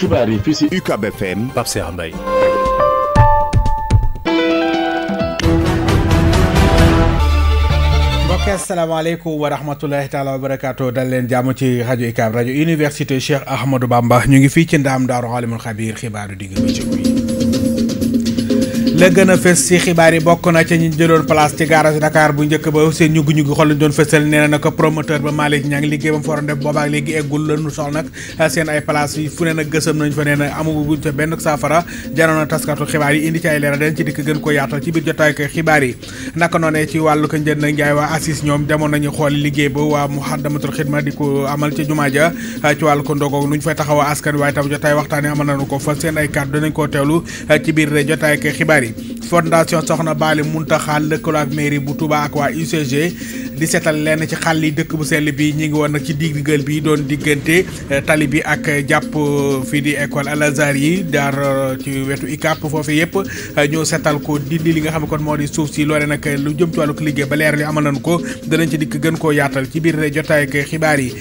xibaar yi fii si UCAB FM Pape Serra Mbaye mbokk asalaamaaleykum wa rahmatulahi taala wa barakaatu dal leen jàmm ci rajo UCAB rajo université Cheikh Ahmadou Bamba ñu ngi fii ci ndaam daaru alimul xabiir xibaaru digg bëccëg bi la gën a fës ci xibaar yi bokk na ca ñi jëloon place ci garage Dakar bu njëkk ba seen ay place yi saafara jaroon na taskatu xibaar yi indi ci ay leeral dañ ci dikk gën ko yaatal ci biir jotaay ko xibaar taxaw askan waaye tam jotaay waxtaane amal nañu ko fa seen ay kàddu dinañ teewlu ci biir jotaay ko xibaar yi Bali soxna Soxna Bali Muntaxa lëkkaloo ak mairie bu Touba ak waa UCG. di seetal lenn ci xàll yi dëkk bu sell bi ñu ngi woon nag ci diggal bi doon diggante eh, tali bi ak eh, jàpp eh, fii di école Al Azhar yi daar ci wetu ICAP foofu yëpp ñëw seetal ko dindi li nga xam ne kon moo di suuf si loole nag lu jëm ci wàllu liggéey ba leer li amal nañu ko danañ ci dikk gën koo yaatal ci biir jotaay ak xibaar yi.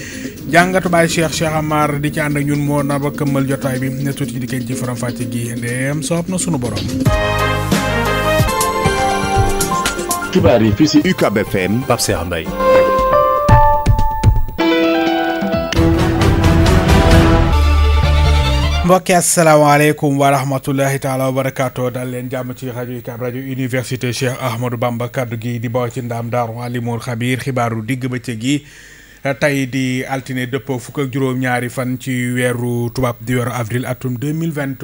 jàngatu baay Cheikh Cheikh Amar di ci ànd ak ñun moo na ba këmmal jotaay bi ne tuuti di ci faram-fàcce gi ndeem soob na sunu borom. xibaar yi fii si UCAB FM Pape Cheikh Mbaye mbokki asalaamaaleykum daal leen jàmm ci rajo UCAB rajo université Cheikh Ahmadou Bamba kàddu gi di bawoo ci ndaam daaru alimul xabiir xibaaru digg bëccëg gi tey di altine dëppoo fukk ak juróom-ñaari fan ci weeru tubaab di weeru avril atum deux mille vingt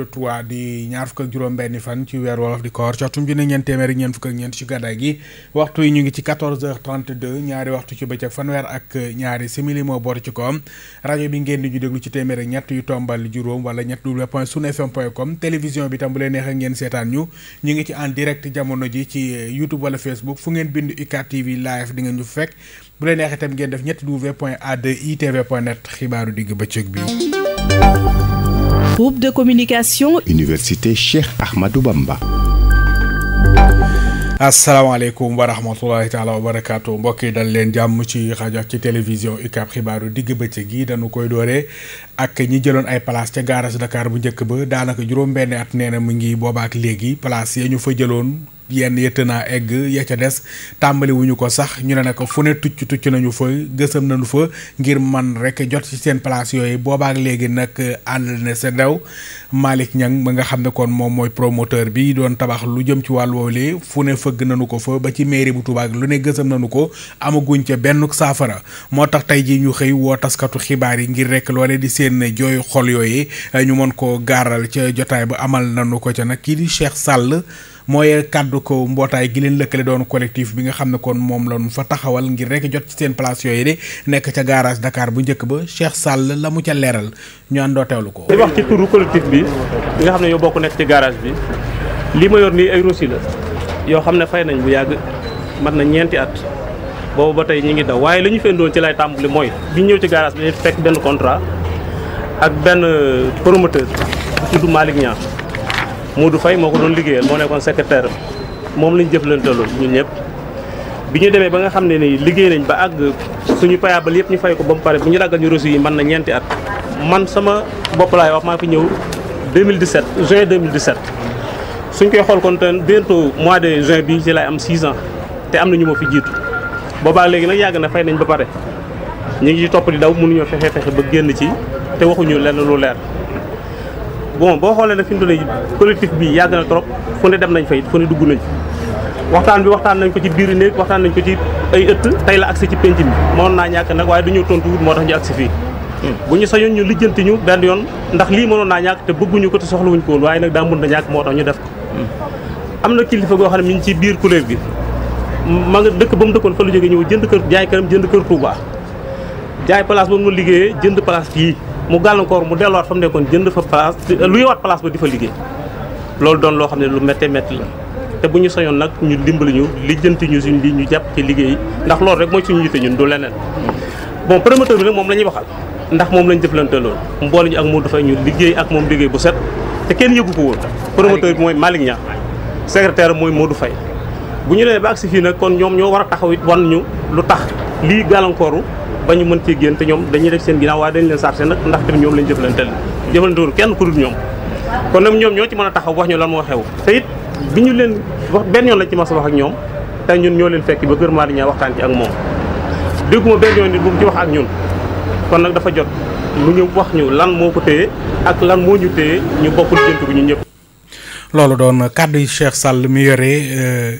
di ñaar fukk ak juróom-benni fan ci weeru wolof di koor ci atum junne téeméeri ñeent fukk ak ñeent ci gàddaay gi waxtu ñu ngi ci quatorze heures trente ñaari waxtu ci bëccëg fanweer ak ñaari simili ci koom rajo ngeen di ñu déglu ci téeméer ñett yu tombal juróom wala ñett double point sunu fm point com télévision tam bu leen neexee ngeen seetaan ñu ñu ngi ci en direct jamono ji ci YouTube wala Facebook fu ngeen bind UCAD TV live di ngeen ñu fekk. bu leen neexee itam ngeen def ñetti w point a2i tv point net xibaaru digg bëccëg bi. groupe de communication. université Cheikh Ahmadou Bamba. asalaamaaleykum wa rahmatulahi taala wa barakaatu mbokk yi dal leen jàmm ci rajo ci télévision UCAB xibaaru digg bëccëg yi dañu koy dooree ak ñi jëloon ay place ca garage Dakar bu njëkk ba daanaka juróom-benn at nee na mu ngi boobaak léegi place ya ñu fa jëloon. yenn yëtt naa egg ya ca des tàmbaliwuñu ko sax ñu ne ne ko fu ne tucc tucc nañu fa gësam nañu fa ngir man rek jot ci seen place yooyu boobaak léegi nag ànd ne sa dew Malick Niang ba nga xam ne kon moom mooy promoteur bi doon tabax lu jëm ci wàllu woowule fu ne fëgg nañu ko fa ba ci mairie bu Touba lu ne gësëm nañu ko amaguñ ca benn saafara moo tax tey jii ñu xëy woo taskatu xibaar yi ngir rek loole di seen jooy xol yooyu ñu mën koo gaaral ca jotaay ba amal nañu ko ca nag kii di Cheikh Sall mooy kàddu ko mbootaay gi leen lëkkale doon collective bi nga xam ne kon moom la ñu fa taxawal ngir rek jot ci seen place yooyu de nekk ca garage Dakar bu njëkk ba Cheikh Sall la mu ca leeral ñu àndoo teewlu ko. li ci turu collectif bi nga xam ne yow bokk nekk ci garage bi li ma yor nii ay rosi la yoo xam ne fay nañ bu yàgg mat na ñeenti at. boobu ba tey ñi ngi daw waaye li ñu fendoon ci lay tàmbali mooy bi ñëw ci garage bi fekk benn contrat ak benn promoteur bu tudd Malick Niang Modou fay moo ko doon liggéeyal moo nekkoon secrétaire moom lañ jëflanteeloon ñun ñëpp. bi ñu demee ba nga xam ne ni liggéey nañ ba àgg suñu payable yëpp ñu fay ko ba mu pare bu ñu daggal ñu reçu yi man na ñeenti at man sama bopp laay wax maa fi ñëw 2017 juin 2017. suñ koy xool kon ten bientôt mois de juin bi ci lay am 6 ans te am na ñu ma fi jiitu boobaa léegi nag yàgg na fay nañ ba pare ñu ngi topp di daw mënuñoo fexe fexe ba génn ci te waxuñu lenn lu leer. bon boo xoolee nag fi mu toll bi yàgg na trop fu ne dem nañ fa it fu ne dugg nañ waxtaan bi waxtaan nañ ko ci biir néeg waxtaan nañ ko ci ay ëtt tey la agsi ci penc mi moon naa ñàkk nag waaye du ñu tontu moo tax ñu agsi fii hmm. bu ñu sañoon ñu lijjantiñu benn yoon ndax lii mënoon naa ñàkk te bëgguñu ko te soxlawuñ ko waaye nag daa mën na ñàkk moo tax ñu def ko hmm. am na kilifa goo xam ne mi ngi ci biir kuréel gi ma nga dëkk ba mu dëkkoon fa lu jógee ñëw jënd kër jaay këram jënd kër Touba jaay place ba mu liggéeyee jënd place fii mu gàllankoor mu delluwaat fa mu nekkoon jënd fa place luy waat place ba di fa liggéey loolu doon loo xam ne lu méttee métti la te bu ñu sañoon nag ñu dimbali ñu lijjanti ñu suñ li ñu jàpp ci liggéey ndax loolu rek mooy suñu yite ñun du leneen bon promoteur bi nag moom la ñuy waxal ndax moom lañ jëflante loolu mboole ñu ak moo Modou Faye ñu liggéey ak moom liggéey bu set te kenn yëgu ko woon promoteur bi mooy Malick Niang secrétaire mooy du Faye bu ñu demee ba agsi fii nag kon ñoom ñoo war a taxaw wan ñu lu tax lii gàllankooru ba ñu mën cee génn te ñoom dañuy def seen ginnaaw waaye dañ leen chargé nag ndax tamit ñoom lañ jëflanteel jëflantewul kenn ku dul ñoom kon nag ñoom ñoo ci mën a taxaw wax ñu lan moo xew te it bi ñu leen wax benn yoon lañ ci mas a wax ak ñoom te ñun ñoo leen fekk ba kër Mariña waxtaan ci ak moom dégguma benn yoon nit bu mu ci wax ak ñun kon nag dafa jot mu ñu wax ñu lan moo ko téye ak lan moo ñu téye ñu bokkul jëntu ko ñun ñëpp loolu doon kàddu yi Cheikh Sall mi yore euh,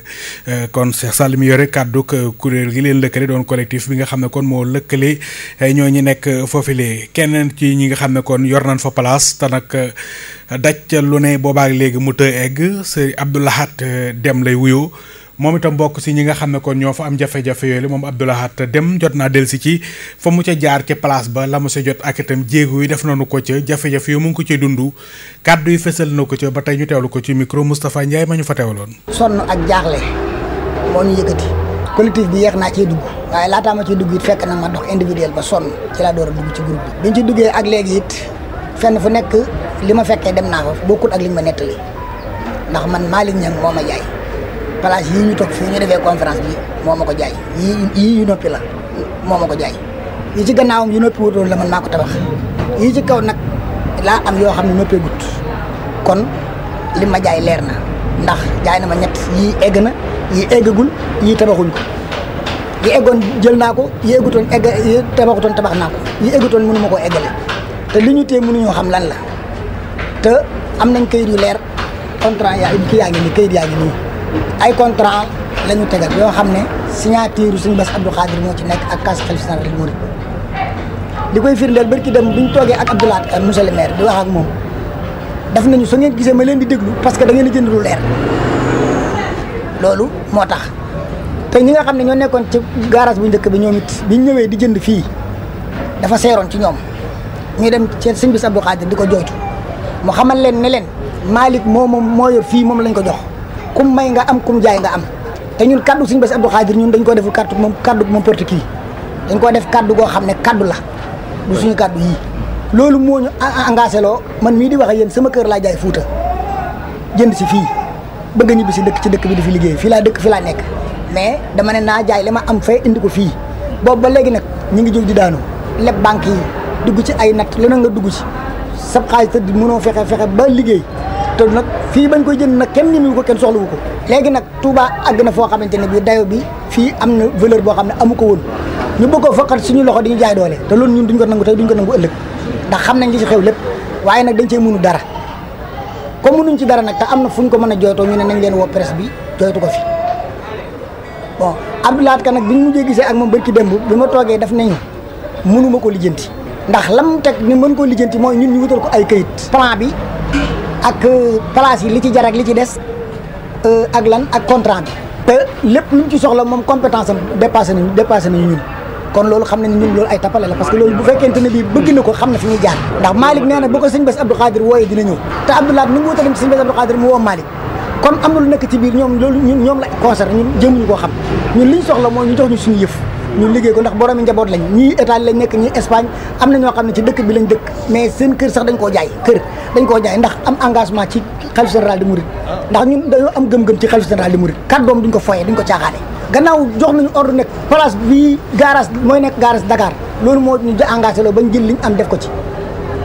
euh, kon Cheikh Sall mu yore kàddu kuréel gi leen lëkkale doon collectif bi nga xam ne kon moo lëkkale euh, ñoo ñi nekk foofu foofile keneen ci ñi nga xam ne kon yor nañ fa place te nag daj lu ne boobaak léegi mu të egg sëriñ Abdoulahat Dem lay wuyoo moom itam bokk si ñi nga xam ne kon ñoo fa am jafe-jafe yooyu la moom Abdou Dem jot naa dellu si ci fa mu ca jaar ca place ba la mu sa jot ak itam jéego yi def nañu ko ca jafe-jafe yu mu ko ca dund kàddu yi fësal na ko ca ba tey ñu teewlu ko ci micro Moustapha Ndiaye ma ñu fa teewloon. sonn ak jaaxle moo ñu yëkkati. collectif bi yeex naa cee dugg waaye laataa ma ciy dugg it fekk na ma ndox individuel ba sonn ci laa door a dugg ci groupe bi. biñ ci ak léegi it fenn fu nekk li ma fekkee dem naa fa ak liñ ma nettali ndax man Malick place yii ñu toog fii ñu defee conférence bi moo ma ko jaay yii yii yu noppi la moo ma ko jaay yi ci gannaawam yu noppi wutoon la man maa ko tabax yii ci kaw nag laa am yoo xam ne noppee gut kon li ma jaay leer na ndax jaay na ma ñett yii egg na yii eggagul yii tabaxuñ ko yi eggoon jël naa ko yi eggutoon egg yi tabaxutoon tabax naa ko yi eggutoon mënu ma koo eggale te li ñu tee mënuñoo xam lan la te am nañ kayit yu leer contrat yaa kii yaa ngi nii ay contrat la ñu tegal yoo xam ne signature suñu bés Abdou Khadir moo ci nekk ak kas xalif général murid li koy firndeel barki dem bu ñu toogee ak Abdoulaat monsieur le maire di wax ak moom def nañu soo ngeen gisee ma leen di déglu parce que da ngeen di jënd lu leer loolu moo tax te ñi nga xam ne ñoo nekkoon ci garage bu njëkk bi ñoom it biñ ñëwee di jënd fii dafa seeroon ci ñoom ñu dem ci sëñ bis Abdou di ko jooytu mu xamal leen ne leen Malick moo moom moo fii moom lañ ko jox kum may nga am kum jaay nga am te ñun kaddu suñu bés Abdou Khadir ñun dañ ko deful kaddu moom kaddu moom porte kii dañ koo def kàddu goo xam ne kàddu la du suñu kàddu yii loolu moo ñu engagé loo man mii di wax ak yéen sama kër laa jaay fuuta jënd si fii bëgg ñibbi si dëkk ci dëkk bi di fi liggéey fii laa dëkk fii laa nekk mais dama ne naa jaay li ma am fee indi ko fii boobu ba léegi nag ñu ngi jóg di daanu leb banque yi dugg ci ay natt leneen nga dugg ci sab xaalis tëdd mënoo fexe fexe ba liggéey te nag fii bañ koy jënd nag kenn ñemewu ko kenn soxlawu ko léegi nag Touba àgg na foo xamante ne bii dayo bi fii am na valeur boo xam ne amu ko woon ñu bëgg ko faqat suñu loxo di ñu jaay doole te loolu ñun duñ ko nangu tey duñ ko nangu ëllëg ndax xam nañ li ci xew lépp waaye nag dañ cee mënu dara comme mënuñ ci dara nag te am na fu ñu ko mën a jooytoo ñu ne nañ leen woo presse bi jooytu ko fi bon Abdoulaye Ka nag bi ñu mujjee gisee ak moom barki démb bi ma toogee daf nañu mënuma ko lijjanti ndax lam teg ni mën koo lijjanti mooy ñun ñu wutal ko ay kayit bi ak euh, place yi li ci jar ak li ci des euh, ak lan ak contrat bi. te lépp luñ ci soxla moom compétence am dépassé nañu dépassé ñun kon loolu xam nañ ñun loolu ay tapale la parce que loolu bu fekkente ne bii bëgg na ko xam na fi ñuy jaar. ndax Malick nee na ko sëñ Bass Abdou Khadir wooyee dina ñëw te Abdoulaye ni mu wutale sëñ Bass Abdou Khadir mu woo Malick kon am na lu nekk ci ñoom loolu ñoom la concerne ñun jëmuñu koo xam ñun liñ soxla mooy ñu jox ñu suñu yëf. ñu liggéey ko ndax boromi njaboot lañ ñii Italie lañ nekk ñii Espagne am na ñoo xam ne ci dëkk bi lañ dëkk mais seen kër sax dañ koo jaay kër dañ koo jaay ndax am engagement ci xalif général di Mouride ndax ñun dañoo am gëm-gëm ci xalif général di Mouride kàddoom duñ ko foyee duñ ko caaxaane gannaaw jox nañu ordre nekk place bii garage mooy nekk garage Dakar loolu moo ñu engagé loo bañ jël liñ am def ko ci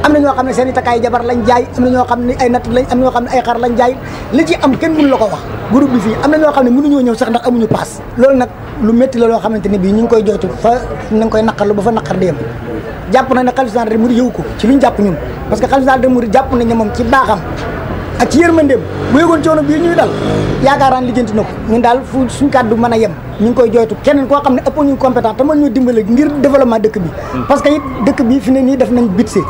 am na ñoo xam ne seen i takkaay jabar lañ jaay am na ñoo xam ne ay natt lañ am na ñoo xam ne ay xar lañ jaay li ci am kenn mënu la ko wax groupe bi fii am na ñoo xam ne mënuñoo ñëw sax ndax amuñu paas loolu nag lu métti la loo xamante ne bii ñu ngi koy jooytu fa na nga koy naqarlu ba fa di yem jàpp nañ ne ko ci luñ jàpp ñun parce que xalifa général murid jàpp ne moom ci baaxam ak ci yërmandeem bu yëgoon coono bii ñuy dal yaakaaraan lijjanti na ko daal fu suñ kàddu mën a yem ñu ngi koy jooytu keneen koo xam ne ëpp ñu compétent te ñu dimbale ngir développement dëkk bi hmm. parce que it bi fi ne nii def nañ budget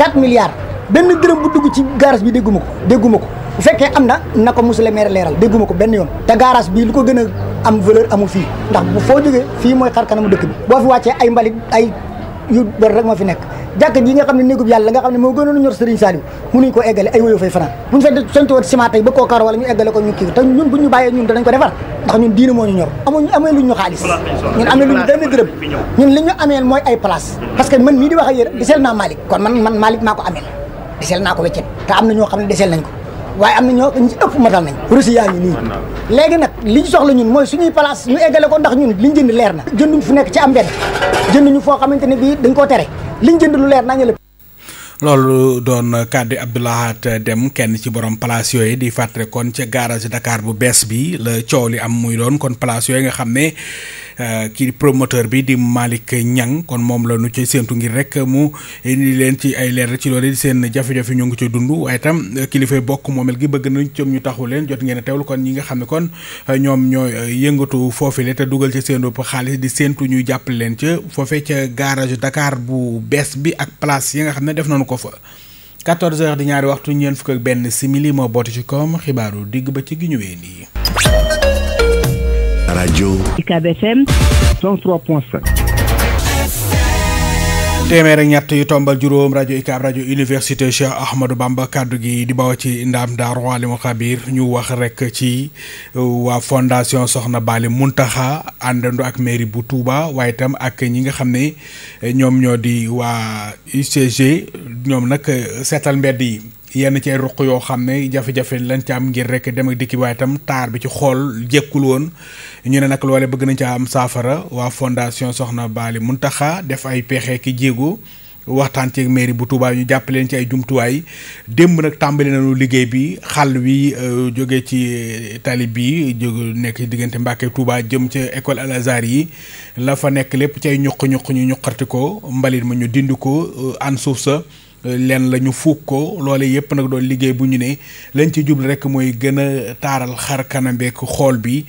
4 milliards benn dërëm bu dugg ci garage bi dégguma ko dégguma ko bu fekkee am na na ko monsieur le maire leeral dégguma ko benn yoon te garage bi lu ko gën a am valeur amul fii ndax bu foo jógee fii mooy xar kanamu dëkk bi boo fi wàccee ay mbalit ay yu bor rek moo fi nekk jàkka ji nga xam ne néegub yàlla nga xam ne moo gënoon ñor Serigne Saliou mënuñ ko eggale ay woyo fay fanaan buñ sant sant woon ciment tey ba koo kar wala ñu eggale ko ñu kii te ñun buñ ñu bàyyee mooy ay place parce que man mii di wax ak yéen deseel naa Malick kon man man Malick ko ameel deseel naa ko weccet te am na ñoo xam ne deseel nañ ko waaye am na ñoo ñu nañ russi yaa ngi nii léegi nag ñu mooy suñuy place ñu eggale ko ndax ñun liñ jënd leer na jënduñ fu nekk ci am mbedd jënduñu foo xamante ne bii dañ koo tere liñ jënd lu leer loolu doon kàddu Abdou dem kenn ci borom place yooyu di fàttali kon ca garage dakaar bu bees bi la coow li am muy doon kon place yooyu nga xam ne. Euh, kii promoteur bi di Malick Niang kon moom la nu ci séentu ngir rek mu indi leen ci ay leer ci loolu di seen jafe-jafe ñu ngi ci dund waaye tam euh, kilifay bokk moomel gi bëgg nañ ci ñu taxu leen jot ngeen a teewlu kon ñi nga xam ne kon euh, ñoom ñoo yëngatu foofile te dugal ci seen xaalis di séentu ñuy jàpp leen ca foofee ca garage Dakar bu bees bi ak place yi nga xam ne def nañu ko fa. 14 heures di ñaari waxtu ñeent fukk ak benn simili moo bootu ci koom xibaaru digg ba ci gi ñëwee nii. rajo. UCAB FM. 103.5. ñett yu tombal juróom rajo UCAB rajo université Cheikh Ahmadou Bamba kàddu gi di bawa ci ndaam daar waalimu xabir ñu wax rek ci euh, waa fondation Soxna Baali Muntaxa àndandoo ak mairie bu Touba waaye itam ak ñi nga xam ne euh, ñoom ñoo di waa UCG ñoom nag euh, seetal mbedd yi. yenn ci ay ruq yoo xam ne jafe-jafe lañ ca am ngir rek dem ak dikki waaye itam taar bi ci xool jekkul woon ñu ne nag loole bëgg nañ ca am saafara waa fondation Soxna Baali taxa def ay pexe ki jéego waxtaan ci mairie bu Touba ñu jàpp leen ci ay jumtuwaay démb nag tàmbali nañu liggéey bi xàll wi euh, jóge ci tali bi jóge nekk diggante Mbàkke Touba jëm ca école Al yi la fa nekk lépp ci ay ñuq ñuq ñu ñuqarti ko mbalit ma ñu dindi ko euh, an suuf sa lenn la ñu fuug ko loole yëpp nag doon liggéey bu ñu ne lañ ci jublu rek mooy gën a taaral xar kanam xool bi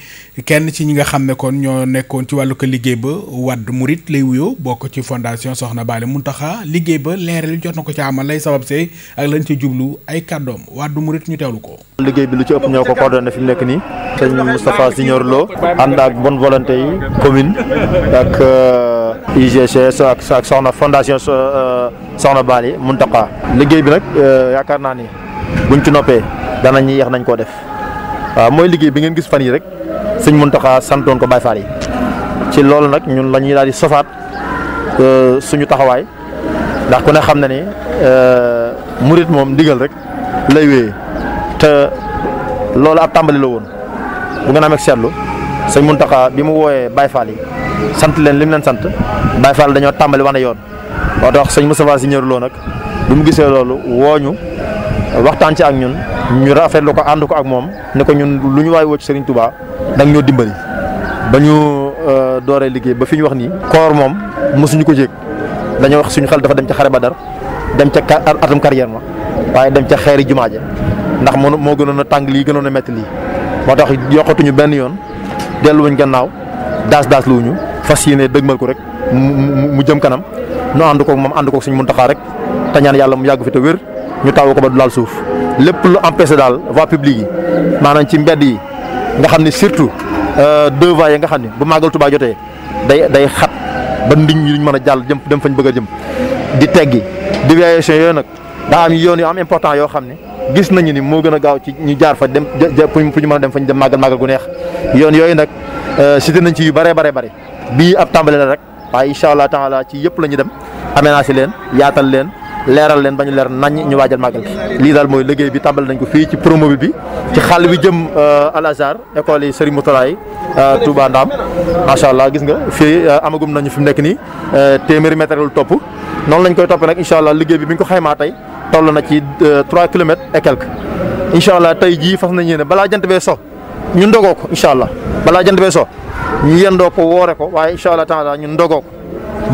kenn ci ñi nga xam ne kon ñoo nekkoon ci wàllu ko liggéey ba Wadd Murit lay wuyoo ko ci fondation Soxna mun taxa liggéey ba leeral jot na ko ci amal lay sabab see ak lañ ci jublu ay kàddoom Wadd Murit ñu teewlu ko. liggéey bi lu ci ëpp ñoo ko coordonné fi mu nekk nii. sëñ Moustapha Signor Lo ànd ak bonne volonté yi commune euh, UGC euh, ak ak soxna fondation euh, soxna Bally Mountakha liggéey bi nag euh, yaakaar naa ni buñ ci noppee danañ yéex nañ koo def waaw mooy liggéey bi ngeen gis fan yi rek sëñ Mountakha santoon ko Baye Fall yi ci loolu nag ñun lañuy daal di sofaat suñu taxawaay ndax ku ne xam na ni murit moom ndigal rek lay wéyee te loolu ab tàmbali la woon bu ngeen amee seetlu sëñ Mountakha bi mu wooyee Baye Fall yi sant leen li mu leen sant Baye Fall dañoo tàmbali wane yoon moo tax sëñ Moustapha si ñëru loo nag bi mu gisee loolu wooñu waxtaan ci ak ñun ñu rafetlu ko ànd ko ak moom ne ko ñun lu ñu waaye woo ci Serigne Touba ñoo dimbali ba ñu euh, dooree liggéey ba fi ñu wax nii. koor moom mosuñu ko jéeg dañoo wax suñu xel dafa dem ca xare Badar dem ca atum carrière ma waaye dem ca xeeri jumaa ja ndax moo moo gënoon a tàng lii gënoon a métti lii moo tax yokkatuñu benn yoon delluwuñ gannaaw daas fas yéene dëgmal ko rek mu mu jëm kanam nu ànd koog moom ànd koog suñ muntaxaa rek tañaan yàlla mu yàgg fi te wér ñu taw ko ba du laal suuf lépp lu empêché daal voie publique yi maanaam ci mbedd yi nga xam ne surtout euh, deux voies yi nga xam ne bu màggal Tuubaa jotee day day xat ba nit ñi duñ mën a jàll jëm dem fañ bëgg a jëm di teggi déviation yooyu nag daa am yoon yu am important yoo xam ne gis nañu ni moo gën a gaaw ci ñu jaar fa dem pour ñu mën a dem fañ dem màggal màggal gu neex yoon yooyu nag euh, cité nañ ci yu bëree bare bëri bii ab tàmbali la rek waaye incha allah taala ci yëpp la ñu dem aménagé leen yaatal leen leeral leen ba ñu leer nañ ñu waajal màggal gi lii mooy liggéey bi tàmbali nañ ko fii ci promobile bi ci xàll bi jëm euh, Al Azhar école yi Serigne Moutala euh, Touba Ndam macha allah gis nga fii euh, amagum nañu fi mu nekk nii téeméeri mètre lu topp noonu lañ koy toppee nag incha allah liggéey bi bi ñu ko xaymaa tey toll na ci 3 kilomètres et incha allah tey jii fas nañu ne balaa jant bee so ñu ndogoo ko incha allah balaa jant bee so ñu yendoo ko woore ko waaye incha allah taala ñun ndogoo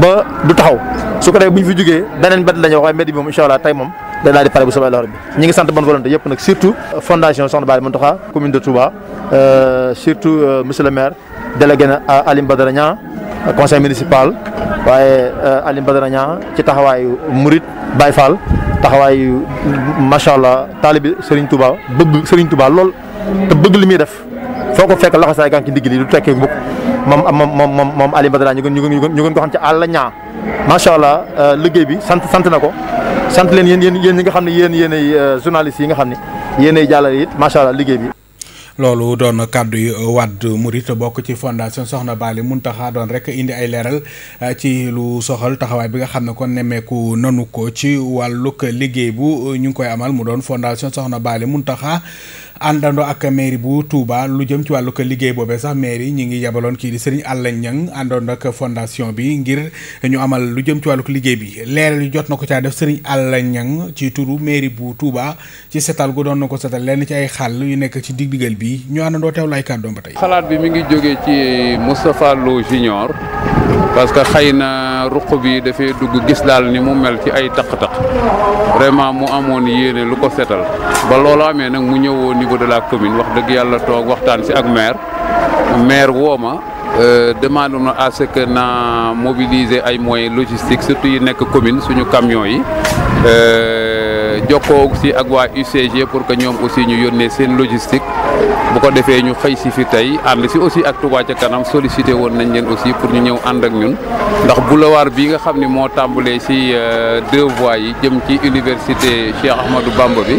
ba du taxaw su ko bu ñu fi jugee beneen benn la ñu wax waaye mbedd moom incha tey moom day daal di pare sant bonne volonté yëpp nag surtout euh, fondation Soxna Baali Mountakha euh, surtout euh, monsieur le maire délégué na Alim Badara Niang conseil municipal waaye Alim Badara ci taxawaayu Murit Baye Fall taxawaayu macha allah taalibi Serigne Touba bëgg Serigne Touba lool te bëgg li muy def. foo ko fekk laxasaay gaa ngi ci digg li du tekkee mukk moom moom moom moom Aliou Badara ñu gën ko xam ci àll ñaa macha allah euh, liggéey bi sant sant na ko sant leen yéen yéen ñi nga xam ne yéen yéenay euh, journalistes yi nga xam ne yéenay jàllale it macha allah liggéey bi. loolu doon kàddu yi Wade Mouride bokk ci fondation Soxna mun taxaa doon rek indi ay leeral euh, ci lu soxal taxawaay bi nga xam ne kon nemmeeku nanu ko ci wàllug liggéey bu ñu ngi koy amal mu doon fondation Soxna Baali taxaa àndandoo ak mairie bu Touba lu jëm ci wàllu ko liggéey boobee sax mairie ñi ngi yabaloon kii di Serigne Alla Niang àndoon ak fondation bi ngir ñu amal lu jëm ci wàllu ko liggéey bi leeral yu jot na ko caa def Serigne Alla Niang ci turu mairie bu Touba ci setal gu doon na ko setal lenn ci ay xàll yu nekk ci digdigal bi ñu àndandoo teewlu ay kàddoom ba tey. xalaat bi mi ngi jógee ci Moustapha Lo Junior parce que xay na ruq bi dafay dugg gis daal ni mu mel ci ay taq vraiment mu amoon yéene lu ko setal niveau de la commune wax dëgg yàlla toog waxtaan si ak maire maire woo ma euh, demande na à que na mobiliser ay moyens logistique surtout yi nekk commune suñu camion yi euh, jokkoo si ak waa UCG pour que ñoom aussi ñu yónnee seen logistique bu ko defee ñu xëy si fi tey ànd si aussi ak Touba ca kanam sollicité woon nañ leen aussi pour ñu ñëw ànd ak ñun ndax boulevard bi nga xam ne moo tàmbalee si euh, deux voies yi jëm ci université Cheikh Ahmadou Bamba bi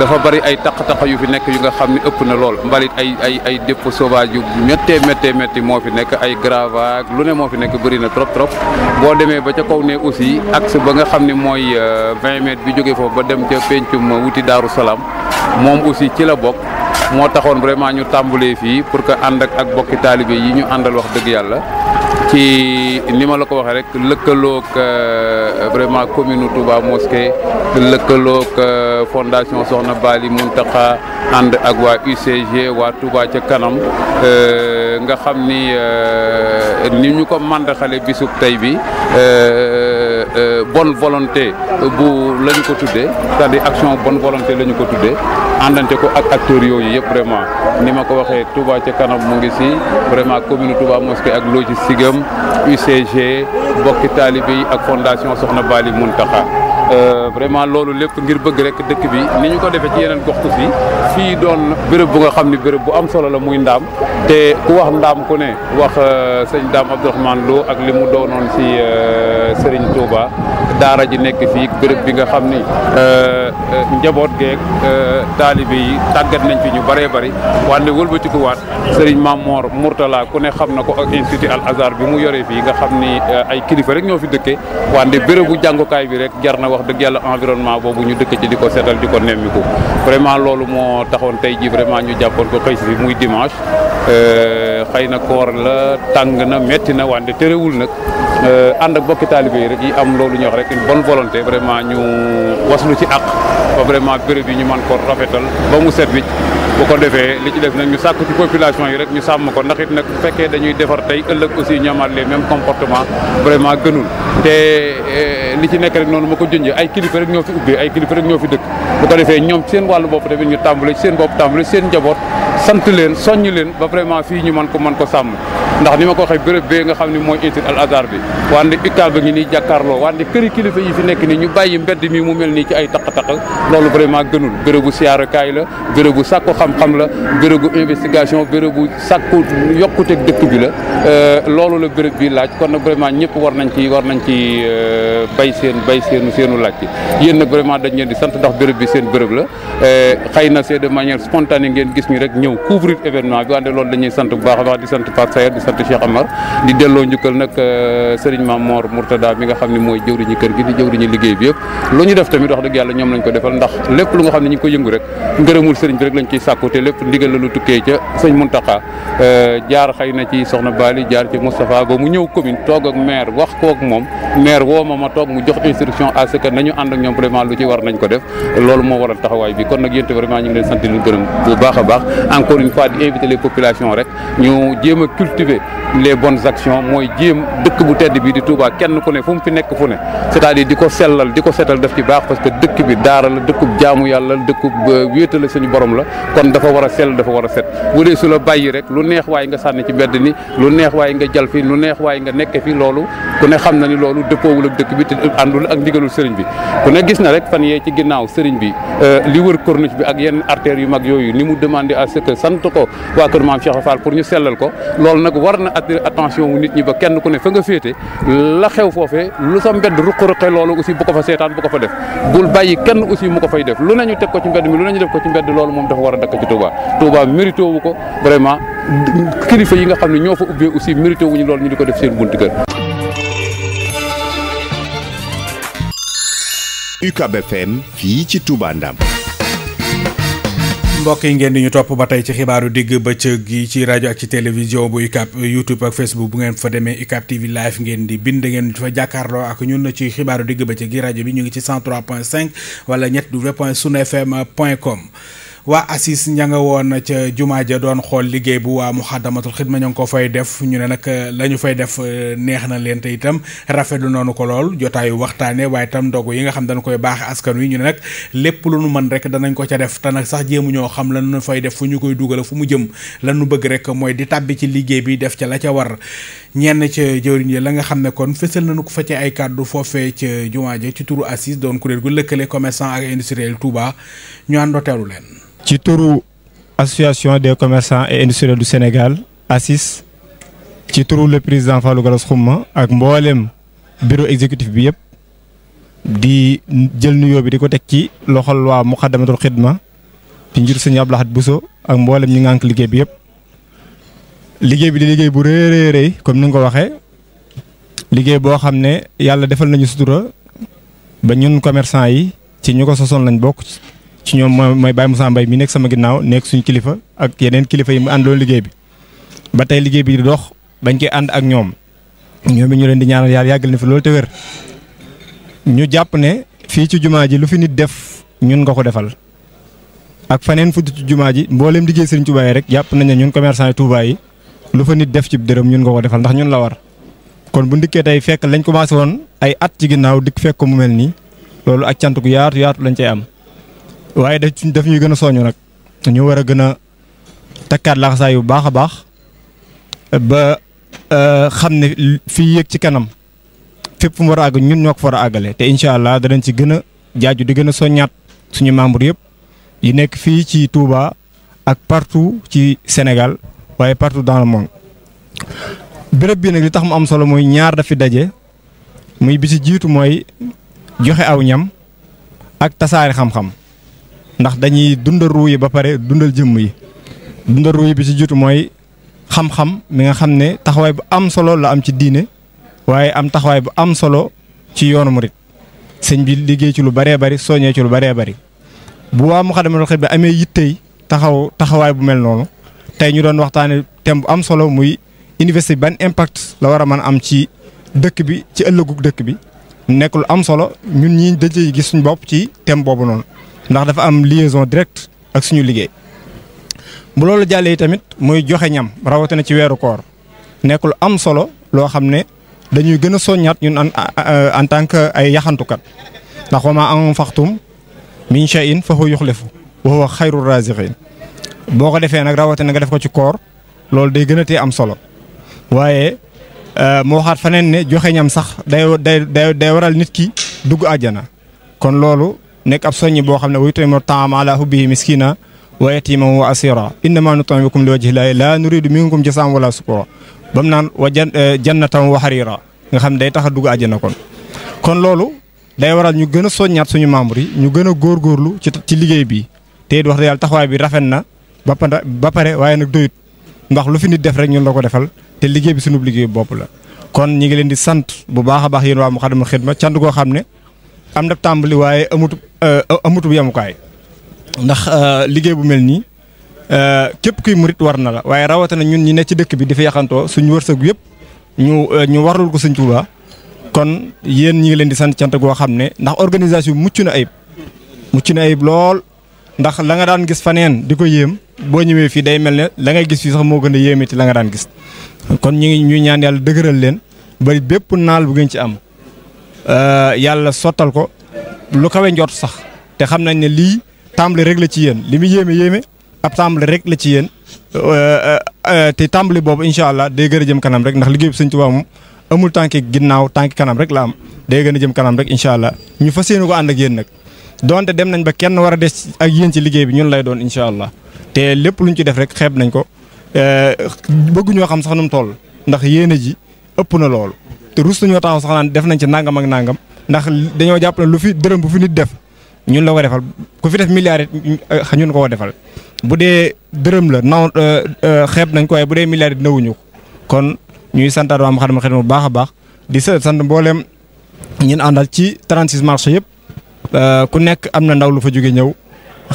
dafa bari ay taq-taq yu fi nekk yu nga xam ne ëpp na lool mbalit ay ay ay dépôt yu méttee méttee métti moo fi nekk ay gravats lu ne moo fi nekk bëri na trop trop boo demee ba ca kaw ne aussi axe ba nga xam ni mooy 20 euh, mètres bi jóge foofu ba dem ca pencum wuti Daaru Salaam moom aussi ci la bokk moo taxoon vraiment ñu tàmbalee fii pour que ànd ak ak bokki taalibe yi ñu àndal wax dëgg yàlla ci ni ma la ko waxee rek lëkkaloog euh, vraiment commune Touba Mosquée lëkkaloog euh, fondation Soxna Bali Muntaxa ànd ak waa UCG waa tubaa ca kanam euh, nga xam ni ni ñu ko màndaxale bisub tey bi bon volonté bu la ko tuddee cest di action bon volonté la ñu ko tuddee àndante ko ak acteurs yooyu yëpp vraiment ni ma ko waxee Touba ca kanam mu ngi si vraiment commune Touba Mosquée ak logistique am UCG bokki taalibe yi ak fondation Soxna Bali Muntaxa Euh, vraiment loolu lépp ngir bëgg rek dëkk bi ni ñu ko defee ci yeneen gox aussi fii doon béréb bu nga xam ne béréb bu am solo la muy ndaam te ku wax ndaam ku ne wax euh, sëñ Ndaam Abdourahmane Lo ak li mu doonoon si euh, Serigne Touba daara ji nekk fii bërëb bi nga xam ni njaboot geeg taalibe yi tàggat nañ fi ñu bëree bëri wante wëlbatikuwaat Serigne moor Mourtala ku ne xam na ko ak institut Al Azhar bi mu yore fii nga xam ni ay kilifa rek ñoo fi dëkkee wante bérébu wax dëgg yàlla environnement boobu ñu dëkk ci di ko seetal di ko nemmiku vraiment loolu moo taxoon tey ji vraiment ñu jàppoon ko xëy si muy dimanche euh, xëy na koor la tàng na metti na wante terewul nag euh, ànd ak bokki taalibe yi rek yi am loolu ñu wax rek une bonne volonté ñu waslu ci àq ba vraiment béréb ñu mën ko rafetal ba mu set wicc bu ko defee li ci def nag ñu sàkku ci population yi rek ñu sàmm ko ndax nag bu fekkee dañuy defar tey ëllëg aussi ñu amaat les mêmes vraiment gënul te eh, li ci nekk rek noonu ma ko junjee ay kilifa rek ñoo fi ubbee ay kilifa rek ñoo fi dëkk bu ko defee ñoom ci seen wàllu bopp tamit ñu tàmbale ci seen bopp tàmbale ci seen njaboot sant leen soññ leen ba vraiment fii ñu mën ko mën ko sàmm ndax ni ma ko waxee béréb bee nga xam ne mooy étude al azar bi wante UCAB ba ngi nii jàkkaarloo wante këri kilifa yi fi nekk nii ñu bàyyi mbedd mi mu mel nii ci ay taq-taq loolu vraiment gënul bérébu siyaarakaay la bérébu sàkku xam-xam la bérébu investigation bérébu sàkku yokkuteeg dëkk bi la euh, loolu la béréb bi laaj kon nag vraiment ñëpp war nañ ci war nañ ci euh, bay seen bay seen seenu laaj ci yéen nag vraiment dañ leen di sant ndax béréb bi seen béréb la euh, xëy na c'est de manière spontanée ngeen gis ñu rek ñëw couvrir événement bi wante loolu dañuy sant bu baax baax di sant Pape Sayar sant Cheikh Amar di delloo njukkal nag euh, Serigne Mame Mor Mourtada mi nga xam ne ndax lépp lu nga xam ne ñu ko yëngu rek ngërëmul Serigne bi rek lañ ciy sàkku te lépp ndigal la lu tukkee ca sëñ Mountakha euh, jaar xëy ci soxna Bali jaar ci Moustapha Go mu ñëw commune toog maire wax ko moom maire woo ma ma toog mu jox instruction à ce que nañu ànd ak ñoom lu ci war nañ ko def loolu moo waral taxawaay bi kon nag yéen vraiment ñu ngi leen sant leen bu baax a baax encore une di inviter les populations rek ñu jéem a cultiver développer les bonnes actions mooy jéem dëkk bu tedd bi di Touba kenn ku ne fu mu fi nekk fu ne c'est-à-dire di ko sellal di ko setal def ci baax parce que dëkk bi daara la dëkkub jaamu yàlla dëkkub euh, wéetale suñu borom la kon dafa war a sell dafa war a set bu dee su la bàyyi rek lu neex waaye nga sànni ci mbedd ni lu neex waaye nga jal fi lu neex waaye nga nekke fi loolu ku ne xam na ni loolu dëppoowul ak dëkk bi te àndul ak ndigalul sëriñ bi ku ne gis na rek fan yee ci ginnaaw sëriñ bi euh, li wër corniche bi ak yenn artères yu mag yooyu ni mu demandé à sant ko waa kër pour ñu sellal ko war na attirer attention nit ñi ba kenn ku ne fa nga féete la xew foofee lu sa mbedd ruq-ruqe loolu aussi bu ko fa seetaan bu ko fa def bul bàyyi kenn aussi mu ko fay def lu ñu teg ko ci mbedd mi lu nañu def ko ci mbedd loolu moom dafa war a dakk ci Touba Touba mérité ko vraiment kilifa yi nga xam ne ñoo fa ubbee aussi mérité wuñu loolu ñu di ko def seen buntu kër UCAB FM mbokk yi ngeen di ñu topp ba tey ci xibaaru digg bëccëg gi ci rajo ak ci télévision bu UCAB YouTube ak Facebook bu ngeen fa demee UCAB TV live ngeen di bind ngeen fa jàkkaarloo ak ñun ci xibaaru digg bëccëg gi rajo bi ñu ngi ci 103.5 wala ñett w point sun fm point com waa assis ña nga woon ca jumaa ja doon xool liggéey bu waa Muxaddamatul Xidma ña ngi ko fay def ñu ne nag eh, la ñu fay def eh, neex na leen te itam rafetlu noonu ko lool jotaayu waxtaane waaye itam ndogu yi nga xam dañ koy baax askan wi ñu ne nag lépp lu nu mën rek danañ ko ca def te nag sax jéemu ñoo xam la nu fay def fu ñu koy dugal fu mu jëm la nu bëgg rek mooy di tàbbi ci liggéey bi def ca la ca war ñenn ca jëwriñ yi la nga xam ne kon fësal nañu ko fa ci ay kàddu foofee ca jumaa ja ci turu ACIS doon kuréel gu lëkkale commerçant ak industriel ñu àndoo leen ci turu association des commerçants et industriels du Sénégal ACIS ci turu le président Fallou Gallas ak mboolem bureau exécutif bi yëpp di jël nuyoo bi di ko teg ci loxol waa Muqaddamatul Xidma ci njur sëñ Abdou Lahad Bousso ak mboolem ñi ngànk liggéey bi yëpp. liggéey bi di liggéey bu rëy a rëy comme ni nga ko waxee liggéey boo xam ne yàlla defal nañu sutura ba ñun commerçant yi ci ñu ko sosoon lañ bokk. ci ci ñoom mooy mooy Baye Moussa Mbaye mi nekk sama ginnaaw nekk suñu kilifa ak yeneen kilifa yi mu àndoon liggéey bi ba tey liggéey bi di dox dañ koy ànd ak ñoom ñoom ñu leen di ñaanal yàlla yàgg na fi loolu te wér ñu jàpp ne fii ci jumaa ji lu fi nit def ñun nga ko defal ak faneen fu ci jumaa ji mbooleem liggéey Sëriñ Tuubaa yi rek jàpp nañ ne ñun commerçant yi Tuubaa yi lu fa nit def ci dërëm ñun nga ko defal ndax ñun la war kon bu ndikkee tey fekk lañ commencé woon ay at ci ginnaaw dikk fekk mu mel nii loolu ak cant yaatu yaatu lañ cay am waaye daf daf ñuy gën a soñu nag ñu war a gën a takkaat laxasaay bu baax a baax ba euh, xam ne fii yéeg ci kanam fépp fu mu war a àgg ñun ñoo ko war a àggale te incha allah danañ ci gën a jaaju di gën a soññaat suñu membre yëpp yi nekk fii ci Touba ak partout ci Sénégal waaye partout dans le monde. béréb bi nag li tax mu am solo mooy ñaar dafi daje muy bi ci jiitu mooy joxe aw ñam ak tasaare xam-xam. ndax dañuy dundal ruu yi ba pare dundal jëmm yi dundal ruu bi ci jiitu mooy xam-xam mi nga xam ne taxawaay bu am solo la am ci diine waaye am taxawaay bu am solo ci yoonu murit sëñ bi liggéey ci lu bëree bëri soññee ci lu bëree bëri bu waa Moukhaddamatoul Khidma bi amee yittey taxaw taxawaay bu mel noonu tey ñu doon waxtaane thème bu am solo muy université ban impact la war a mën am ci dëkk bi ci ëllëgu dëkk bi nekk lu am solo ñun ñii daje gis suñu bopp ci thème boobu noonu. ndax dafa am lieson directe ak suñu liggéey bu loolu jàllee tamit muy joxe ñam rawatina ci weeru koor nekk lu am solo loo xam ne dañuy gën a soññaat ñun en euh, tant que ay yaxantukat ndax wa maa anfaqtum min shay'in fa huwa yukhlifu wa huwa xayrur raziqin boo ko defee nag rawatina nga def ko ci koor loolu day gën a tee am solo waaye euh, moo waxaat faneen ne joxe ñam sax day day day waral nit ki dugg àjjana kon loolu nekk ab soññi boo xam ne wuy tamit taam ala hubbihi miskina wa yatiman wa asira innama nut'imukum li wajhi llahi la nuridu minkum jazaa'an wala shukura bam naan wa eh, jannatan wa harira nga xam ne day tax a dugg àjjana kon kon loolu day waral ñu gën a soññaat suñu membres yi ñu gën a góorgóorlu ci ci liggéey bi tey it wax dëgg yàlla taxawaay bi rafet na ba ba pare waaye nag doyut ndax lu fi nit def rek ñun la ko defal te liggéey bi suñu liggéey bopp la kon ñi ngi leen di sant bu baax a baax yéen waa Moukhaddamatoul Khidma cant koo xam ne am na tàmbali waaye amut euh, amutub yemukaay ndax euh, liggéey bu mel nii euh, képp kuy murit war na la waaye rawatina ñun ñi ne ci dëkk bi di fi yaxantoo suñu wërsëg yëpp ñu ñu warlul ko Sëñ Tuubaa kon yéen ñi ngi leen di sant cant goo xam ne ndax organisation mucc na ayib mucc na ayib lool ndax la nga daan gis faneen di ko yéem boo ñëwee fii day mel ne la ngay gis fii sax moo gën a yéemiti la nga daan gis kon ñu ngi ñuy ñaan yàlla dëgëral leen bari bépp naal bu ngeen ci am Euh, yàlla sottal ko lu kawe njort sax te xam nañ ne lii tàmbali rek la ci yéen li mu yéeme yéeme ab tàmbali rek la ci yéen euh, euh, te tàmbali boobu incha allah day gën a jëm kanam rek ndax liggéey bi Sëñ Tuubaa moom amul tànki ginnaaw tànki kanam rek la am day gën a jëm kanam rek incha allah ñu fa yéene ko ànd ak yéen nag donte dem nañ ba kenn war a des ak yéen ci liggéey bi ñun lay doon incha allah te lépp luñ ci def rek xeeb nañ ko bëgguñoo xam sax nu mu toll ndax yéene ji ëpp na loolu. te rus nañoo taxaw sax naan def nañ ci nangam ak nangam ndax dañoo jàpp ne lu fi dërëm bu fi nit def ñun la ko defal ku fi def milliard euh, xa ñun ko defal bu dee dërëm la naw euh, euh, xeeb nañ ko waaye bu dee milliard it ko kon ñuy santaat waa Moukhaddamatoul Khidma bu baax a baax di sant mbooleem ñun àndal ci 36 marché yëpp ku nekk am na ndaw lu fa jóge ñëw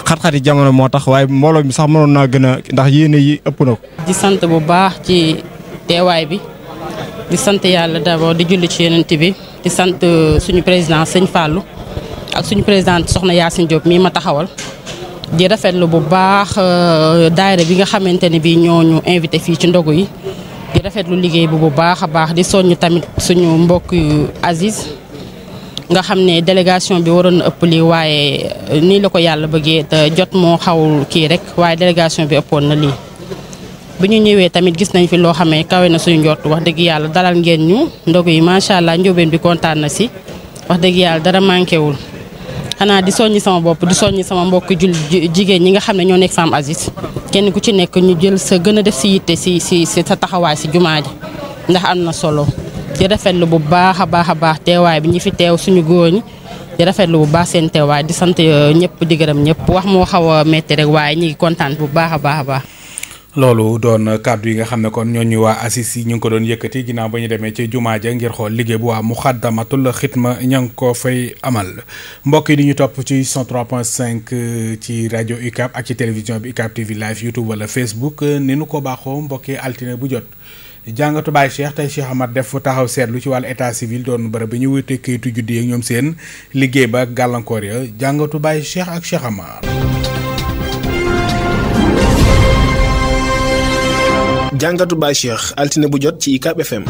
xat-xati jamono moo tax waaye mbooloo mi sax mënoon naa gën a ndax yéene yi ëpp na ko. di sant bu baax ci teewaay bi. di sant yàlla d'abord di julli ci yenent bi di sant euh, suñu président sëñ Fallou ak suñu présidente soxna Yacine Diop mii ma taxawal di rafetlu bu baax euh, daayira bi nga xamante ne bii ñoo ñu invité fii ci ndogu yi di rafetlu liggéey bi bu baax a baax di soññ tamit suñu mbokk yu Aziz nga xam ne délégation bi waroon na ëpp lii waaye euh, nii la ko yàlla bëggee te jot moo xaw kii rek waaye délégation bi ëppoon na lii. bu ñu ñëwee tamit gis nañ fi loo xamee kawe na suñu njort wax dëgg yàlla daral ngeen ñu ndogu yi macha allah njóobeen bi kontaan na si wax dëgg yàlla dara manqué wul xanaa di soññi sama bopp di soññi sama mbokk jul jigéen ñi nga xam ne ñoo nekk Femme Aziz kenn ku ci nekk ñu jël sa gën a def si yitte si si si sa taxawaay si jumaa ji ndax am na solo di rafetlu bu baax a baax a baax teewaay bi ñu fi teew suñu góor ñi di rafetlu bu baax seen teewaay di sant euh, ñëpp di gërëm ñëpp wax moo xaw a metti rek waaye ñi kontaan bu baax a baax a baax loolu doon kàddu yi nga xam ne kon ñooñu waa ACIS yi ñu ngi ko doon yëkkati ginnaaw ba ñu demee ci jumaa ja ngir xool liggéey bu waa Muxaddamatul Xidma ña ngi ko fay amal mbokk yi di ñu topp ci 103.5 euh, ci rajo UCAB ak ci télévision bi UCAB TV live YouTube wala Facebook euh, ni nu ko baaxoo mbokk yi altine bu jot. jàngatu baay Cheikh tey Cheikh Ahmad def taxaw seetlu ci wàllu état civil doon bërëb bi ñu wute kayitu juddi ak ñoom seen liggéey ba gàllankoor ya jàngatu baay Cheikh ak Cheikh jàngatu Baye Cheikh altine bu jot ci UCAB FM.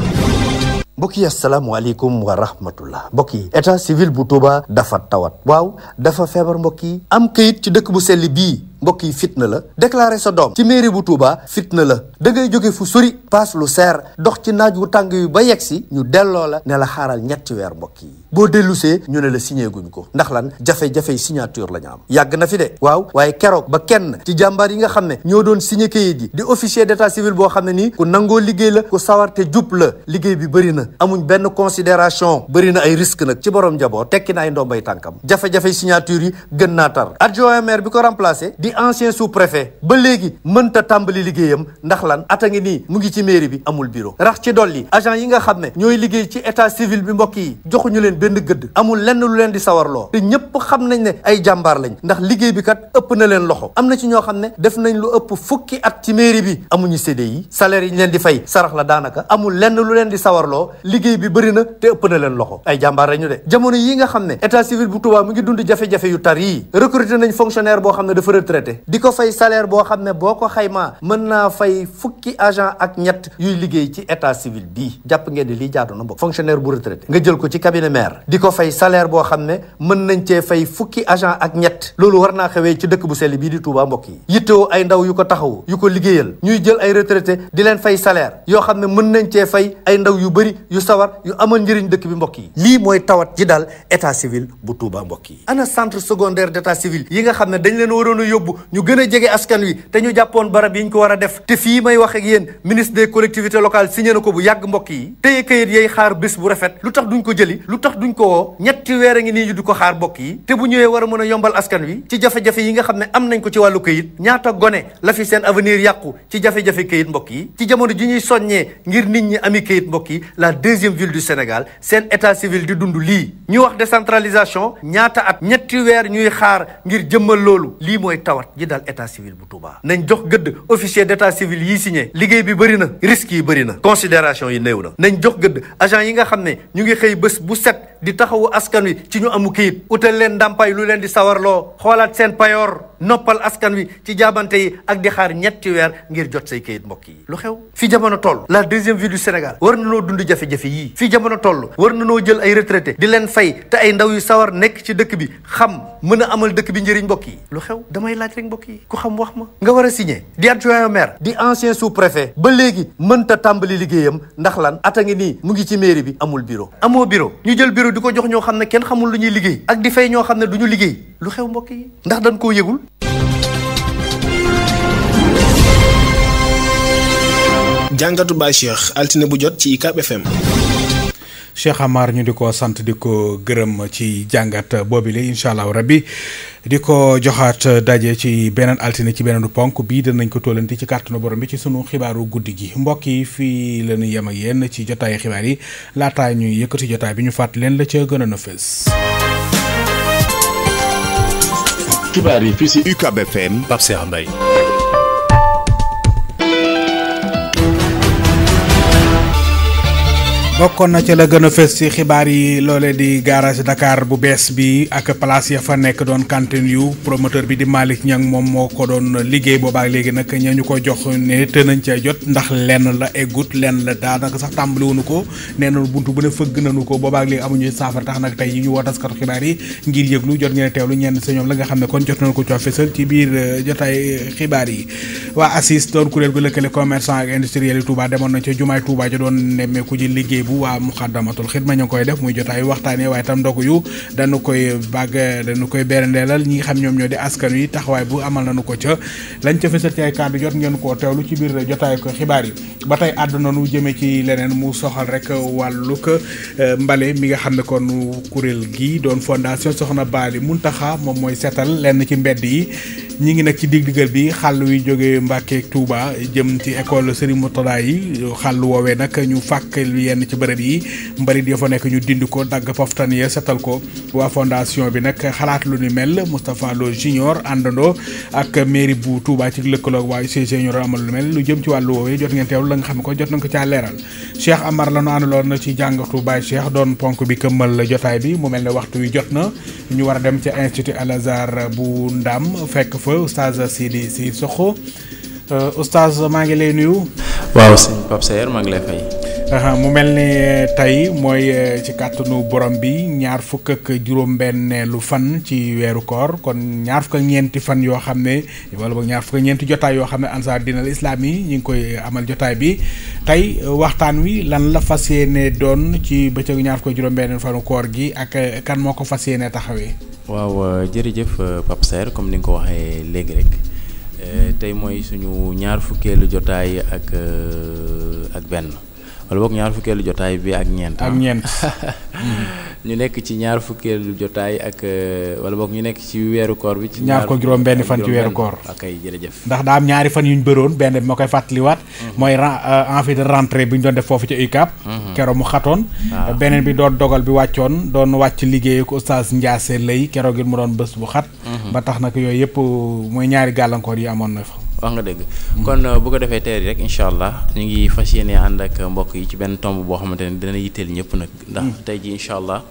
mbokk yi asalaamaaleykum wa rahmatullah mbokk yi état civil bu Touba dafa tawat waaw dafa feebar mbokk yi am kayit ci dëkk bu selli bii. mbokk yi fitna la déclarer sa doom ci mairie bu Touba fitna la dangay jóge fu sori paas lu seer dox ci naaj wu tàng yu ba yegg si ñu delloo la ne la xaaral ñetti weer mbokk yi boo dellusee ñu ne la signé guñ ko ndax lan jafe-jafe signature la ñu am yàgg na fi de waaw waaye keroog ba kenn ci jàmbaar yi nga xam ne ñoo doon signé kayit yi di officier d'état civil boo xam ne nii ku nangoo liggéey la ku sawar te jub la liggéey bi bëri na amuñ benn considération bëri na ay risque nag ci borom njaboot tekki na ay ndombay tànkam jafe-jafe yi gën naa tar bi ko remplacé ancien sous-préfet ba léegi mënta tàmbali liggéeyam ndax lan ata ngi nii mu ngi ci mairie bi amul bureau rax ci dolli agent yi nga xam ne ñooy liggéey ci état civil bi mbokk yi joxuñu leen benn gëdd amul lenn lu leen di sawarloo te ñëpp xam nañ ne ay jàmbaar lañ ndax liggéey bi kat ëpp na leen loxo am na ci ñoo xam ne def nañ lu ëpp fukki at ci mairie bi amuñu CDI salaire yi ñu leen di fay sarax la daanaka amul lenn lu leen di sawarloo liggéey bi bëri na te ëpp na leen loxo ay jàmbaar lañu de jamono yi nga xam ne état civil bu Touba mu ngi dund jafe-jafe yu tar yi recruter nañ fonctionnaire retraité di ko fay salaire boo xam ne boo ko xaymaa mën naa fay fukki agent ak ñett yuy liggéey ci état civil bii jàpp ngeen ni lii jaadu na bokk fonctionnaire bu retraité nga jël ko ci cabinet maire di ko fay salaire boo xam ne mën nañ cee fay fukki agent ak ñett loolu war naa xewee ci dëkk bu sell bii di Touba mbokk yi yittewoo ay ndaw yu ko taxawu yu ko liggéeyal ñuy jël ay retraité di leen fay salaire yoo xam ne mën nañ cee fay ay ndaw yu bëri yu sawar yu amal njëriñ dëkk bi mbokk yi lii mooy tawat ji daal état bu Touba mbokk yi a yóbbu ñu gën a jege askan wi te ñu jàppoon barab yi ñu ko war a def te fii may wax ak yéen ministre de collectivités locales signé na ko bu yàgg mbokk yi tey kayit yay xaar bés bu rafet lu tax duñ ko jëli lu tax duñ ko woo ñetti weer a ngi nii di ko xaar mbokk yi te bu ñëwee war a mën a yombal askan wi ci jafe-jafe yi nga xam ne am nañ ko ci wàllu kayit ñaata gone la fi seen avenir yàqu ci jafe-jafe kayit mbokk yi ci jamono ji ñuy soññee ngir nit ñi ami kayit mbokk yi la deuxième ville du Sénégal seen état civil di dund lii ñu wax décentralisation ñaata at ñetti weer ñuy xaar ngir jëmmal loolu tawat ji dal état civil bu Touba nañ jox gëdd officier d' état civil yi signé liggéey bi bëri na risques yi bëri na considération yi néew na nañ jox gëdd agent yi nga xam ne ñu ngi xëy bés bu set di taxawu askan wi ci ñu amu kayit utal leen ndàmpaay lu leen di sawarloo xoolaat seen payoor noppal askan wi ci jaabante yi ak di xaar ñetti weer ngir jot say kayit mbokk yi lu xew fi jamono toll la deuxième ville du Sénégal war na noo dund jafe-jafe yii fi jamono toll war na jël ay retraité di leen fay te ay ndaw yu sawar nekk ci dëkk bi xam mën amal dëkk bi njëriñ mbokk yi laaj rek mbokk yi ku xam wax ma nga war a signé di adjoint au maire di ancien sous préfet ba léegi mënta tàmbali liggéeyam ndax lan at a ngi nii mu ngi ci mairie bi amul bureau amoo bureau ñu jël bureau di ko jox ñoo xam ne kenn xamul lu ñuy liggéey ak di fay ñoo xam ne du ñu liggéey lu xew mbokk yi ndax dañ koo yëgul jàngatu Baye Cheikh altine bu jot ci UCAB FM Cheikh Amar ñu di ko sant di ko gërëm ci jàngat boobile incha allah rabbi di ko joxaat daje ci beneen altine ci beneen ponk bii danañ ko tollanti ci kàttanu borom bi ci sunu xibaaru guddi gi mbokk yi fii la ñu yem ak yéen ci jotaayu xibaar yi laataa ñuy yëkkati jotaay bi ñu fàtt leen la ca gënoon a fës. yi fii si UCAB bokkoon na ca la gën a fes ci xibaar yi loole di garage dakaar bu bees bi ak place ya fa nekk doon cantine yu promoteur bi di Malick Niang moom moo ko doon liggéey boobaak léegi nag ña ñu ko jox ne te nañ cee jot ndax lenn la eggut lenn la daanaka sax tàmbaliwuñu ko nee na buntu bu ne fëgg nañu ko boobaa boobaak léegi amuñu saafara tax nag tey yi ñu woo taskatu xibaar yi ngir yëglu jot ngeen lu ñenn sa ñoom la nga xam ne kon jot nañu ko coo fësal ci biir euh, jotaay euh, xibaar yi waa ACIS doon kuréel gu lëkkale commerçant ak industriel yi Touba demoon nañ ca jumaay Touba ja doon nemmeeku ji liggéey bu waa muxaddamatul xidma ñu ngi koy def muy jotaay waxtaanee waaye tam ndogu yu dañu koy bàgg danu koy berandeelal ñi nga xam ñoom ñoo di askan wi taxawaay bu amal nañu ko ca lañ ca fësal ci ay kàddu jot ngeen koo teewlu ci biir jotaay ko xibaar yi ba tey àdduna nu jëmee ci leneen mu soxal rek wàllu ko euh, mbale mi nga xam ne kon kuréel gi doon fondation soxna yi mun Muntaxa moom mooy seetal lenn ci mbedd yi ñi ngi nag ci digg-diggal bi xàll wi jógee Mbàkke Touba jëm ci école Serigne Mourtada yi xàll woowee nag ñu fàkk yenn ci bërëb yi mbalit ya fa nekk ñu dindi ko dagg poftan ya setal ko waa fondation bi nag xalaat lu ni mel Moustapha Lo Junior àndandoo ak mairie bu Touba ci lëkkaloog waa UCG ñu doon amal lu mel lu jëm ci wàllu woowee jot ngeen teewlu la nga xam ne ko jot nañ ko caa leeral Cheikh Amar la ñu lool na ci jàngatu Baye Cheikh doon ponk bi këmmal jotaay bi mu mel ne waxtu wi jot na ñu war a dem ca institut Al bu Ndam fa oustaz Sidi si Sokho euh, oustaz maa ngi lay nuyu. waaw sëñ Pape maa ngi lay fay. mu mel ni euh, tey mooy euh, ci kattanu borom bi ñaar fukk ak juróom-benneelu fan ci weeru koor kon ñaar fukk ak ñeenti fan yoo xam ne wala boog ñaar fukk ak ñeenti jotaay yoo xam ne ansaar dinal islaam yi ñu ngi koy amal jotaay bi tey waxtaan wi lan la fas yéene doon ci bëccëgu ñaar fukk ak juróom-benneelu fanu koor gi ak kan moo ko fas yéene taxawe waaw euh, jërëjëf euh, Pape Saer comme ni nga ko waxee léegi rek euh, tey mooy suñu ñaar fukkeelu jotaay ak ak benn wala boog ñaar fukkeelu jotaay bi ak ñeent. ak ah. ñeent. ñu nekk ci ñaar fukkeelu jotaay ak euh, wala boog ñu nekk ci weeru koor bi. ci ñaar ko juróom benn fan ci weeru koor. jërëjëf. ndax daa ñaari fan yu ñu bëroon benn bi ma koy fàttaliwaat. Mhm. mooy ren euh, envie de rentrée bi ñu doon def foofu ci UCAB. Mhm. keroog mu xatoon. Ah. beneen bi doon dogal bi wàccoon doon wàcc liggéeyu ko Oustaz Ndiasse lay keroog it mu doon bés bu xat. Mhm. ba tax nag yooyu yëpp euh, mooy ñaari gàllankoor yi amoon na fa. wax nga dëgg. kon euh, bu ko defee tey rek incha allah ñu ngi fas yéene ànd ak mbokk yi ci benn tomb boo xamante ne dina yitteel ñëpp nag. ndax hmm. tey ji incha allah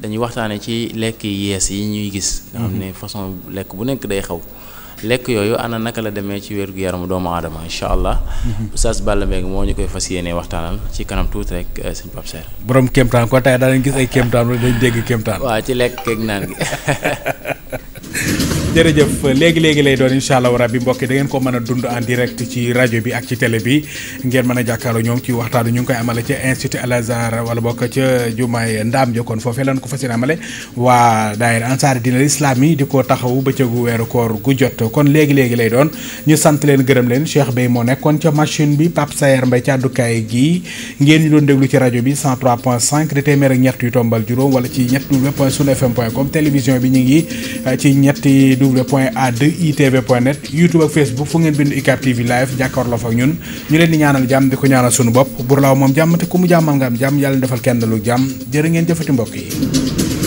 dañuy waxtaanee ci lekk yees yi ñuy gis. nga xam hmm. lekk bu nekk day xaw. lekk yooyu ana naka la demee ci wér gu yaramu doomu aadama incha allah. Hmm. Oustaz Balla Mbengue moo ñu koy fas yéene waxtaanal ci kanam tuuti rek euh, sëñ Pape Serre. borom kéemtaan ko tey daanañ gis ay kéemtaan wala dañ dégg kéemtaan. waaw ci lekk keeg naan gi. jërëjëf léegi léegi lay doon incha allahu rabbi mbokk da ngeen ko mën a dund en direct ci rajo bi ak ci télé bi ngeen mën a jàkkaarloo ñoom ci waxtaanu ñu ngi koy amale ca institut Al Azhar wala bokk ca jumaay ndaam jokkoon foofee lan ko fas yéene amale waa daayira ansaari diinal islam yi di ko taxawu bëccëgu weeru koor gu jot kon léegi léegi lay doon ñu sant leen gërëm leen Cheikh Bey moo kon ca machine bi Pape Sayer Mbaye ci gi ngeen ñu doon déglu ci rajo bi 103.5 di téeméer ak ñett tombal juróom wala ci ñett www.sunfm.com télévision bi ñu ngi ci ñetti www.a2itv.net YouTube ak Facebook fu ngeen bind ICAP TV live jàkkaarloo fa ñun ñu leen di ñaanal jàmm di ko ñaanal sunu bopp Buur Laaw moom jàmm te ku mu jàmmal nga am jàmm yàlla defal kenn lu jàmm jërë ngeen jëfati mbokk yi.